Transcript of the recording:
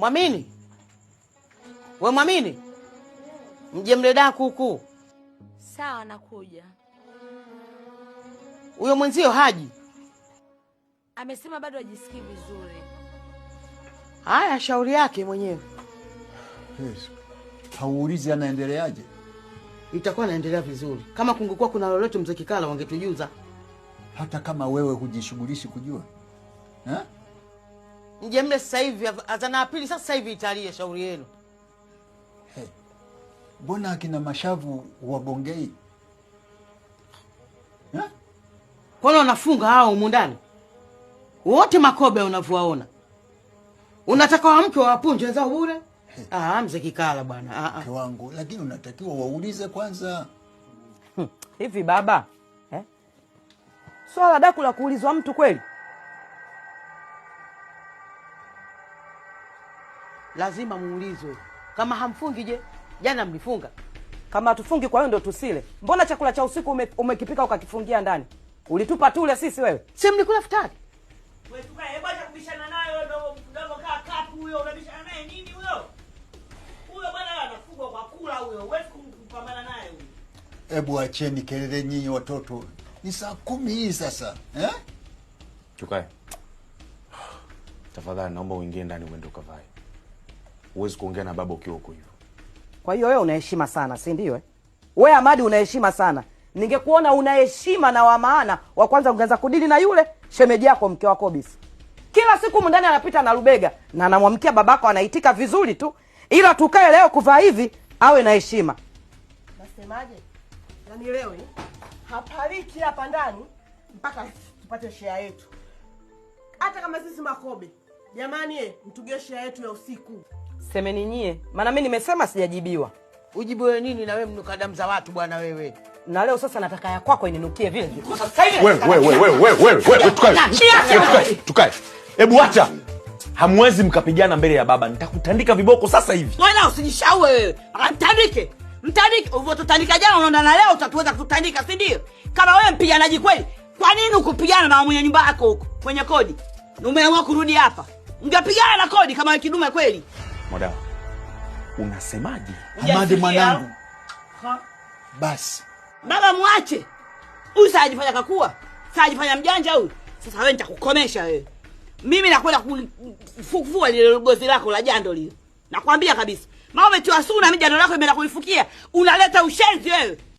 Mwamini we, mwamini mje mledaku huku. Sawa, nakuja. Huyo mwenzio Haji amesema bado ajisikii vizuri. Haya, shauri yake mwenyewe. Yes. Hauulizi anaendeleaje? Itakuwa naendelea vizuri. Kama kungekuwa kuna lolote, mzekikala wangetujuza, hata kama wewe hujishughulishi kujua ha? mje mle sasa hivi, azana pili sasa hivi italia shauri yenu. Mbona hey, akina mashavu wabongei ha? Kwani wanafunga hao humu ndani wote makobe unavyowaona, unataka wamke wawapunje wenzao bure? Ah, mzee Kikala bwana ah, ah. wangu, lakini unatakiwa waulize kwanza hmm, hivi baba eh? swala daku la kuulizwa mtu kweli lazima muulizwe. Kama hamfungi je? Jana mlifunga. Kama hatufungi, kwa hiyo ndo tusile? Mbona chakula cha usiku ume, umekipika ukakifungia ndani? Ulitupa tule sisi wewe? Si mlikula futari bwana kubishana kaa kapu huyo unabishana naye nini huyo? Huyo bwana anafugwa kwa kula huyo. Wewe naye huyo. Hebu acheni kelele nyinyi watoto. Ni saa kumi hii sasa. Eh? Tukae. Tafadhali naomba uingie ndani uende ukavae huwezi kuongea na baba ukiwa huko hivyo. Kwa hiyo wewe unaheshima sana, si ndio? Eh, wewe Amadi unaheshima sana. Ningekuona unaheshima na wa maana, wa kwanza ungeanza kudili na yule shemeji yako, mke wako Bisi. Kila siku mndani anapita na rubega na anamwamkia babako, anaitika vizuri tu, ila tukae leo kuvaa hivi, awe na heshima. Nasemaje? yani leo eh? hapaliki hapa ndani mpaka tupate shea yetu, hata kama sisi Makobe. Jamani, eh, mtugeshe yetu ya usiku. Semeni nyie, maana mi nimesema sijajibiwa. ujibu wewe nini na wewe mnuka damu za watu bwana wewe? Na leo sasa nataka ya kwako ininukie vile vile. Wewe wewe wewe wewe tukae. Tukae. Hebu acha. Hamwezi mkapigana mbele ya baba. Nitakutandika viboko sasa hivi. Wewe usijishaue wewe. Atandike. Mtandike, ulivyotutandika jana unaona na leo utatuweza kututandika, si ndio? Kama wewe mpiganaji kweli, kwa nini ukupigana na mwenye nyumba yako huko kwenye kodi? Umeamua kurudi hapa. Mngepigana na kodi kama kidume kweli. Mwadawa, unasemaje? Hamadi mwanangu, basi baba mwache huyu, sajifanya kakua, sajifanya mjanja huyu. Sasa wewe nitakukomesha wewe, mimi nakwenda kufufua lile gozi lako la jando lile, nakwambia kabisa. Maana umetiwa suna, mimi jando lako imeenda kuifukia unaleta ushenzi wewe.